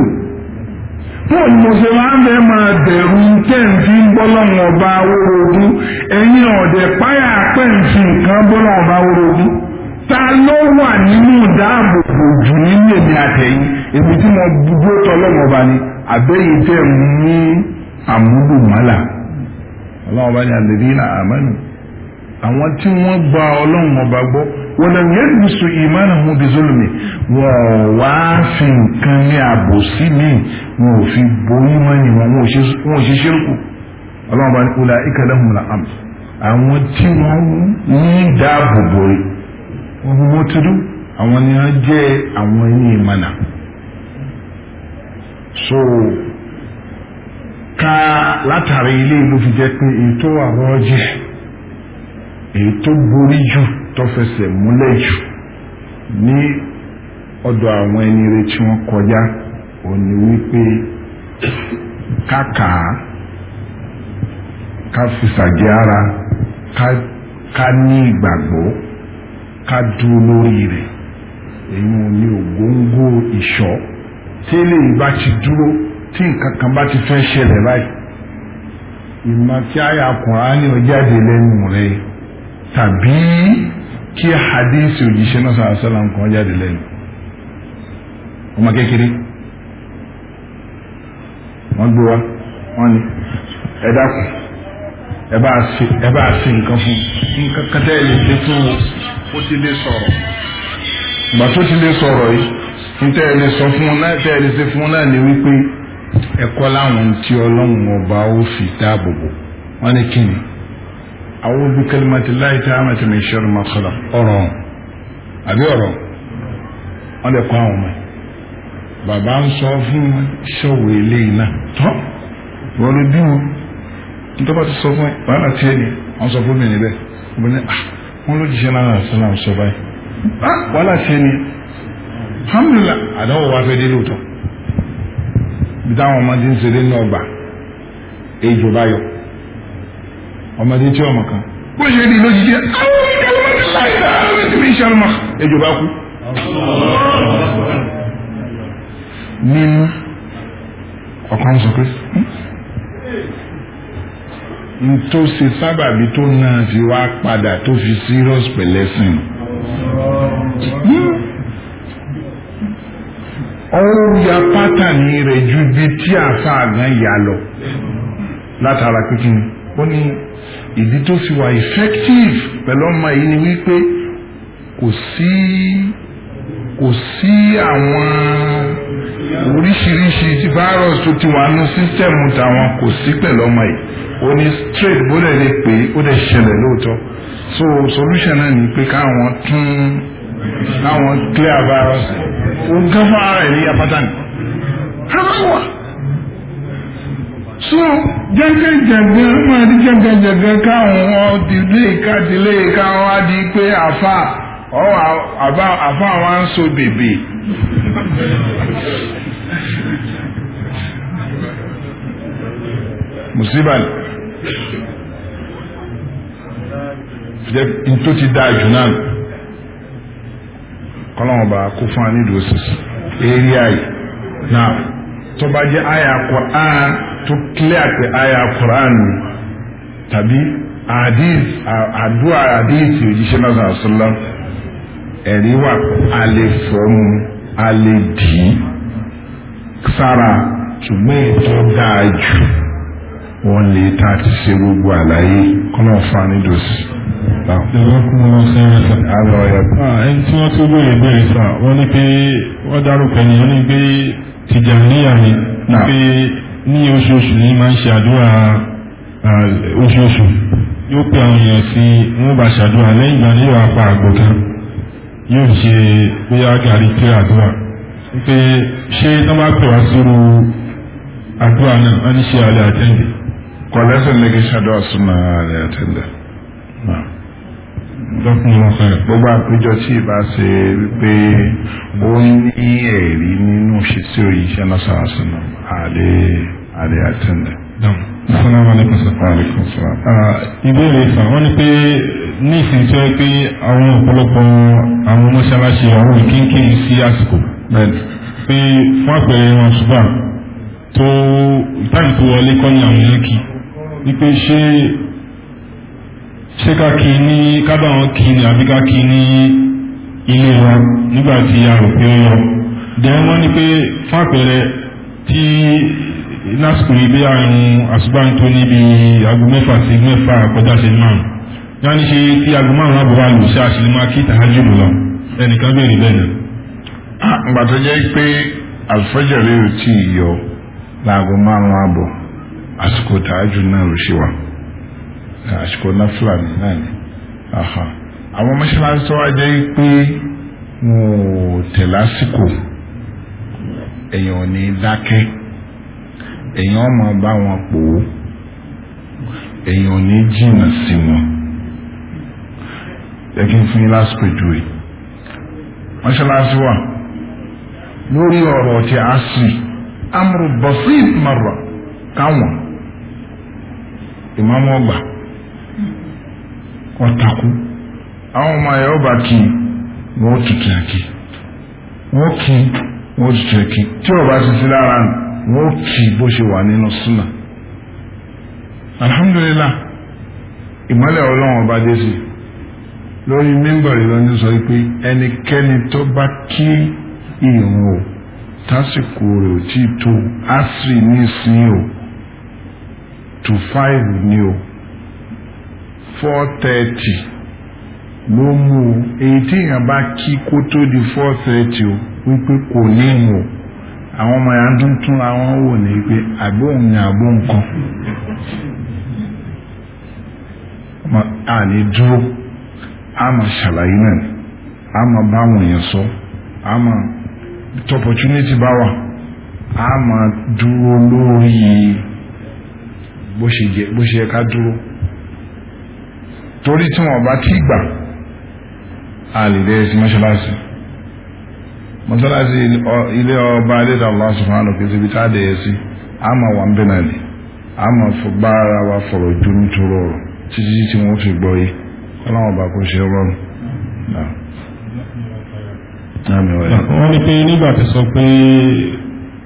bóòlù mùsùlùmí bẹ́ẹ̀ máa bẹ̀rù tẹ̀ǹfì bọ́lọ́mù ọba awórogún ẹ̀yin ọ̀dẹ̀ páyà pẹ̀ǹfì nǹkan bọ́lọ́mù ọba awórogún ta ló wà nínú ìdáàbòbò jù nínú èmi àtẹ̀yìn èmi tí mo dúró tọ́lọ́mù ọba ni àbẹ́yìí tẹ̀ mú àmúdùmọ́là ọlọ́mọba ni àlèrí àmánù àwọn tí wọ́n gba ọlọ́run ọba gbọ́ wọ́n yẹn ní sọ ìmánu كم bí zulmi wọ́n wá fi nǹkan ní àbòsí mi wọn ò fi borí mọ́ni wọn wọn ò ṣe ṣírkù ọlọ́run bá ní kúlẹ̀ àwọn ní dáàbò borí wọ́n bí ti dùn àwọn ni wọ́n jẹ́ àwọn ẹni ìmọ̀nà so ká látàrí ilé ìlú fi jẹ́ pé èyí tó wà rọ́ọ̀jì èyí tó borí jù tó fẹsẹ̀ múlẹ̀ jù ní ọ̀dọ̀ àwọn ẹni rẹ̀ tí wọ́n kọjá òní wípé káka ká fi sàgé ara ká ní ìgbàgbọ́ ká dúró lórí rẹ̀ èyí ò ní ògóńgó ìṣọ́ tí eléyìí bá ti dúró tí nǹkan kan bá ti fẹ́ ṣẹlẹ̀ báyìí ìmọ̀ kí àyà Kùránì ó jáde lẹ́nu rẹ̀ tàbí kí hadisi òjíṣẹ́ náà sọ̀rọ̀ sọ́la nǹkan jáde lẹ́nu ọmọ kékeré wọ́n gbé wa wọ́n ní ẹ dákun ẹ bá ṣe ẹ bá ṣe nǹkan fún nǹkan kẹtẹ́ ẹ lè dé tó o ti lè sọ̀rọ̀ ìgbà tó ti lè sọ̀rọ̀ yìí níta ẹ lè sọ fún un náà tẹ́ ẹ lè ṣe fún un náà ni wípé ẹ̀kọ́ láwọn tí ọlọ́run ọba ó fi dáàbò bò wọ́n ní kíni. أعوذ بكلمة الله تعالى من شر ما خلق ọ̀rọ̀ àbí ọ̀rọ̀ wọ́n lè kọ́ àwọn ọmọ bàbá ń sọ fún ṣọ́wọ́ eléyìí náà tọ́ wọ́n lè bí wọn nítorí wọ́n ti sọ fún wàhálà tí ẹni wọ́n sọ fún mi níbẹ̀ wọ́n ní ah, wọ́n ló jíṣẹ́ náà sọ náà sọ báyìí ah, wàhálà tí ẹni alhamdulilah àdáwọ̀ wá fẹ́ dé lóòótọ́ bí táwọn ọmọdé ń ṣe dé ní ọgbà èjò báyọ̀ ọmọdé tí ọmọ kan bó ṣe rí lójijì àwọn ìkàlùmọ́tì láìpẹ́ àwọn ìsinmi ìṣàlùmọ́ ẹjọ́ bá kú. nínú ọ̀kan sọ pé hmm? tó ṣe sábàbí tó náà fi wá padà tó fi serious pẹ̀lẹ́sìn. Hmm? ọ̀rọ̀ ya pátánì rẹ̀ ju ibi tí àfa àgán yà lọ látara pínpín ó ní ìdí tó fi wà effective pẹ̀lú ọmọ yìí ni wípé kò sí kò sí àwọn oríṣiríṣi virus tó ti wà nù system tàwọn kò sí pẹ̀lú ọmọ yìí ó ní straight bó lè lè pè é ó lè ṣẹlẹ̀ lóòótọ́ so solution náà ni pé káwọn tún káwọn clear virus ó gán fún ara ẹ̀ ní apátánì. so jẹ́gẹ́jẹ̀gẹ́ máa rí jẹ́gẹ́jẹ̀gẹ́ káwọn ọdílé kádìlé káwọn á di pé àfa àfa wa ń so bèbè. musibali jẹ́ tó ti dáa jù náà kọ́lọ́wọ́n bá kó fún wa eré ayé náà tó tó clear pé àyà Quran tàbí hadith àdúrà hadith òjíṣẹ́ náà sàn sọ́lá ẹ̀rí wà alẹ́ fọ́ọ̀mù alẹ́ dì í sára ṣùgbọ́n ètò dáa jù wọ́n lè ta ti ṣe gbogbo àlàyé kọ́nà fani dòsí. Ìjọba kún un lọ sí ẹ̀rọ sọ. Ẹni tí wọ́n tó béèrè béèrè sọ, wọ́n ní pé wọ́n dárúkọ ẹni, wọ́n ní pé Tìjàníyà ni, ní oṣooṣù ní máa ń ṣe àdúrà oṣooṣù yóò pè àwọn èèyàn sí wọn bá ṣàdúrà lẹ́yìn ìgbà ní àgbò kan yóò ṣe bóyá gàrí pé àdúrà wípé ṣé tó bá pè wá sírú àdúrà náà wọ́n ní ṣe àtẹ́ǹdẹ̀. kí ṣàdúrà súnmọ́ àtẹ́ǹdẹ̀. gbogbo àpéjọ tí ìbá ṣe wípé ó ní ẹ̀rí nínú ṣíṣe òyìnṣẹ́ náà sàásùnà àlè àlè àtẹ̀ndẹ̀. Assalamu alaikum sọ̀rọ̀. Uh, ìbéèrè ìfà wọ́n ní pé ní ìsìn tí ó pé àwọn ọ̀pọ̀lọpọ̀ àwọn mọ́ṣáláṣí àwọn ìkínkín sí àsìkò. Pé fún àpẹẹrẹ wọn ṣùgbọ́n tó ìtàkùn wọlé kọ́ ní àwọn yẹn kì. Wípé ṣé ṣé ká kí ní kábà wọn kí ní àbí ká kí ní ilé wọn nígbà tí a rò pé ó yọ dẹ̀ wọ́n ní pé fún tí lásìkò bí àrùn níbi mẹ́fà sí mẹ́fà kọjá ṣe máa yá ní ṣe tí aago márùn-ún àbúrò àlò ṣe àṣìlímọ́ kí tàájú lọ ẹnìkan bẹ̀rẹ̀ bẹ́ẹ̀ ah, tó jẹ́ pé tí ì yọ láago àsìkò náfìlà náà ni àwọn mọ́ṣáláṣí tó wá jẹ́ pé wọn ò tẹ̀ lásìkò èèyàn ò ní dákẹ́ èèyàn ọmọ bá wọn pò ó èèyàn ò ní jìnnà sí wọn ẹ kí n fún yín lásìkò ìjúwe mọ́ṣáláṣí wà lórí ọ̀rọ̀ ti asiri amúrú bọ̀sí ìmọ̀ràn káwọn ìmọ̀mọ́ gbà ọ̀tàkù àwọn ọmọ ẹ̀ ọba kì í wọ́n tutù ẹ̀kí wọ́n kì í wọ́n tutù ẹ̀kí tí ọba ti sí lára wọ́n kì í bó ṣe wà nínú súnà alhamdulilah ìmọ̀lẹ̀ ọlọ́run ọba dé sí lórí mímbọ̀rì lọ́dún sọ pé ẹnikẹ́ni tó bá kí ìrùn o tásìkò rẹ̀ ò tí tó asiri ní ìsìn o tù fáìlì ní o. four thirty ló mú o èyí tí èèyàn bá kí kó tó di four thirty o wípé kò ní o àwọn ọmọ yẹn dún tún àwọn wò ní pé àbí ni Ma a lè dúró a máa ṣàlàyé náà a máa bá sọ a máa tọpọtúnítì bá wà a dúró lórí bó ṣe dúró. torí tí wọn bá ti gbà á lè dé sí mọ́ṣáláṣí mọ́ṣáláṣí ilé ọba adéta Allah subhanahu kìí síbi tá a dẹ̀ sí a máa wà ń bẹ̀ náà a máa bá ara wa fọ̀rọ̀ ojú nítorí ọ̀rọ̀ títí tí wọ́n fi gbọ́ yìí ọlọ́wọ́n bá kó ṣe rọrùn. wọ́n ní pé nígbà tó sọ pé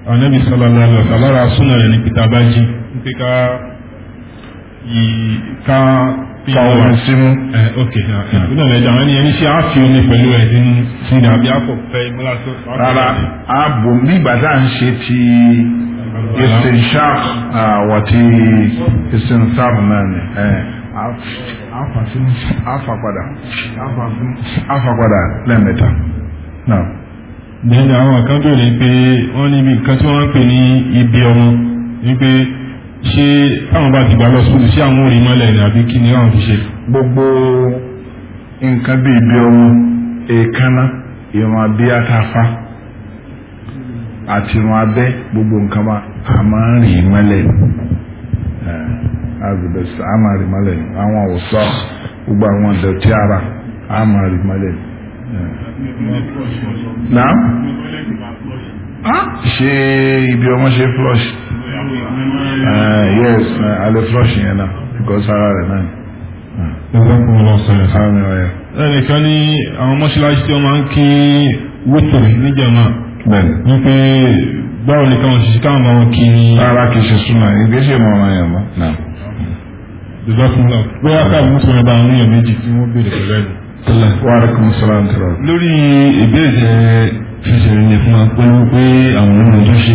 Ànábì sallallahu alaihi wasallam súnà rẹ̀ ní pété abájí pé fa omi sí mú. ok ọdún ẹ̀jẹ̀ àwọn ènìyàn ṣe á fi omi pẹ̀lú ẹ̀dín sí ní àbí àpò fẹ́ ìmúlá tó. rárá ààbò bí gbàdá ń ṣe ti istinshaq àwọn ti istinshaq náà ni afapadà afapadà lẹ́ẹ̀mẹ́ta. bẹ́ẹ̀ni àwọn kan béèrè pé wọ́n níbi nǹkan tí wọ́n ń pè ní ibi ọmọ wípé. ṣé táwọn bá ti gbà lọ sùkúlù ṣé àwọn orí mọ́lẹ̀ ni àbí kí fi ṣe. gbogbo nǹkan bíi ibi ohun èèkánná ìrùn àbí àtàfà àti ìrùn abẹ́ gbogbo nǹkan wa a máa ń rí mọ́lẹ̀ azibẹsẹ a máa rí mọ́lẹ̀ àwọn ọ̀sọ́ gbogbo àwọn ìdọ̀tí ara a máa rí mọ́lẹ̀. ṣé ibi ọmọ ṣe flush. Uh, yes a lè flush yẹn náà because ara rẹ̀ náà ẹnìkan ní àwọn mọ́ṣáláṣí tí wọ́n máa ń kí wítìrì níjàmá wípé báwo ni káwọn ṣiṣẹ́ káwọn máa ń kí. rárá kì í ṣe súnmọ́ ìgbésẹ̀ mọ́ ọ̀ràn yẹn mọ́ jazakumullah bóyá káàbù mú sọ̀rọ̀ bá àwọn èèyàn méjì tí wọ́n béèrè pẹ̀lú ẹ̀rù. tẹ́lẹ̀ wàlẹ́kùn sọ́lá ń tẹ̀rọ. lórí ìbéèrè fẹsẹ̀rẹ̀ yẹn fún wa pé àwọn ọmọ tó ṣe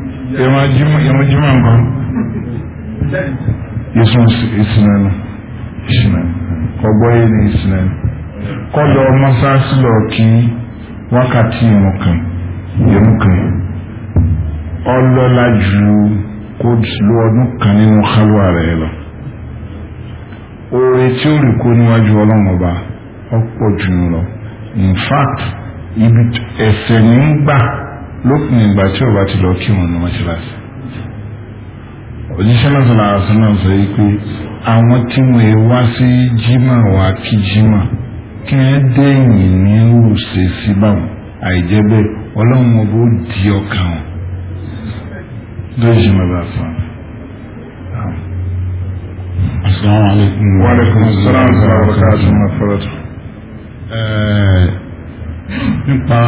yamajima nkɔ yesu esina no esina ɔbɔ yi na esina no kɔdɔ masaasi lɔɔki wákàtí yɛn kan yɛn kan ɔlɔla ju kó lo ọdún kan nínú kálúwà rẹ lọ oore tí ó rí kó níwájú ọlọ́run ọba ọ̀pọ̀ in fact ibi ẹ̀sẹ̀ ní ń lópin ìgbà tí ọba ti lọ kírun ní mọ́ṣáláṣí òjíṣẹ́ náà sọ̀rọ̀ àṣọ náà sọ pé àwọn tí wọ́n wá sí jimá wá kí jimá kí wọ́n dẹ́yìn ní òṣè sí báwọn àìjẹ́ bẹ́ẹ̀ ọlọ́run di ọkàn wọn nípa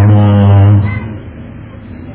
ọ̀rọ̀.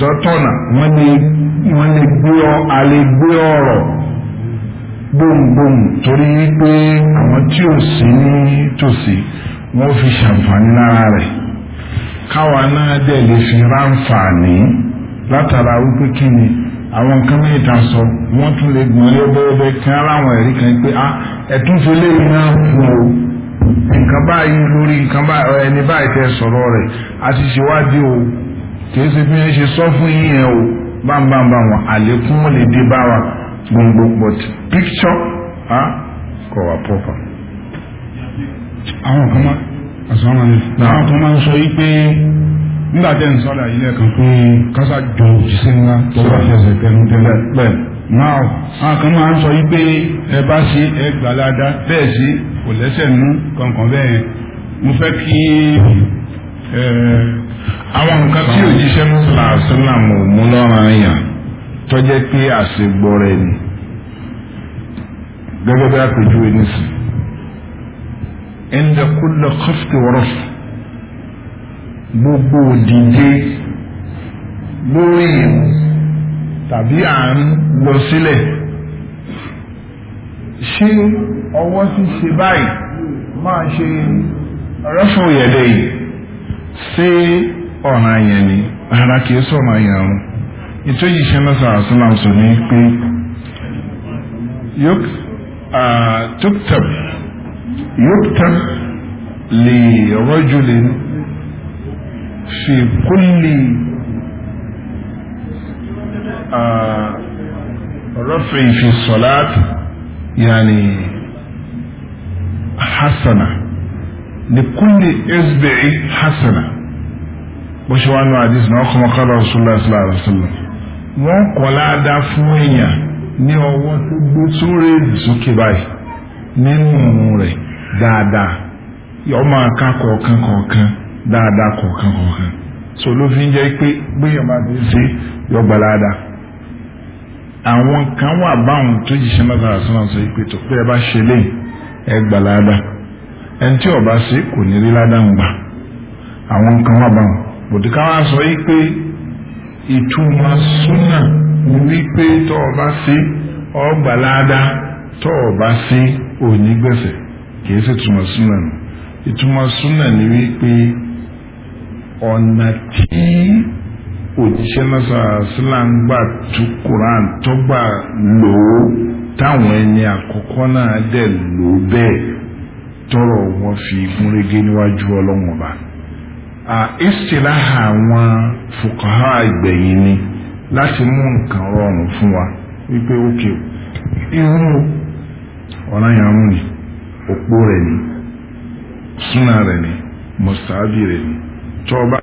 dọ́tọ̀nà na lè wọ́n lè gbé ọ alẹ́ torí wípé àwọn tí ò sí ní tòsí wọ́n fi ṣàǹfààní lára rẹ káwa náà dẹ̀ lè fi látara wípé kí àwọn nǹkan sọ wọ́n tún lè gbọ́n lé kí á láwọn kan pé a ah, fi fún o nǹkan báyìí lórí nǹkan báyìí ẹni báyìí tẹ o kìí ṣe bí ẹ ṣe sọ fún yín yẹn o bámbámbá wọn àlékún wọn lè dé bá wa gbòǹgbò but picture ha kò wà proper. àwọn kan máa àsọ̀rọ̀ ni àwọn kan máa ń sọ yí pé nígbà tẹ́ ń sọ́dà yìí lẹ́ẹ̀kan pé kásá jọ òjíṣẹ́ ńlá tó bá fẹsẹ̀ tẹnu tẹ́lẹ̀ náà àwọn kan máa sọ yí pé ẹ bá ṣe ẹ gbàládá bẹ́ẹ̀ sí kò lẹ́sẹ̀ nú kankan bẹ́ẹ̀ mo fẹ́ kí Eh, àwọn nǹkan tí òjíṣẹ́ mọ́sálà sílámù mú lọ́rùn àyàn tó jẹ́ pé àṣegbọ́ rẹ̀ ni gẹ́gẹ́ bí àpèjúwe nísìn ẹnìdà kúlọ̀ kọ́fìtì wọ́rọ̀ gbogbo òdìdé lórí ìrùn tàbí à ń lọ sílẹ̀ ṣé ọwọ́ ṣíṣe báyìí máa ṣe rẹ́fù yẹ̀dẹ̀ yìí ṣé ọ̀ràn yẹn ni rárá kìí sọ̀rọ̀ yẹn o ètò yìí ṣe náà sọ̀rọ̀ sọ́nà sọ ní pé yókùtàb yókùtàb lè rọ́júlẹ̀ fi kúlì rọ́fẹ̀ ìfi yàní hasana. لكل اصبع حسنه bó ṣe wá nu àdìsí náà kọ́mọ kọ́lá rasulullah sallallahu alaihi wasallam wọ́n kọ́ ládàá fún èèyàn ní ọwọ́ tó gbé sórí ìsókè báyìí nínú òun daadaa dáadáa ọmọ aká so ló fi ń jẹ́ pé máa fi ṣe àwọn kan wà báwọn tó ẹni tí ọba sí kò ní rí ládàá gbà àwọn nǹkan wà báwọn bòtí wá sọ pé ìtumọ̀ ọba sí ọgbà ládàá ọba sí òní gbèsè kìí súnà nù ìtumọ̀ súnà ni wípé ọ̀nà tí òjíṣẹ́ náà sílá ń gbà tú tó gbà lò ó táwọn ẹni tọrọ wọn fi gúnrégé níwájú ọlọ́run ọba ìsìláhà àwọn fòkàhà ìgbẹ̀yìn ni láti mú nǹkan rọrùn fún wa wípé ókè irú ọ̀ranyàrún ni òpó rẹ̀ ni súnà rẹ̀ ni mọ̀sáàbì rẹ̀ ni tọ́ba.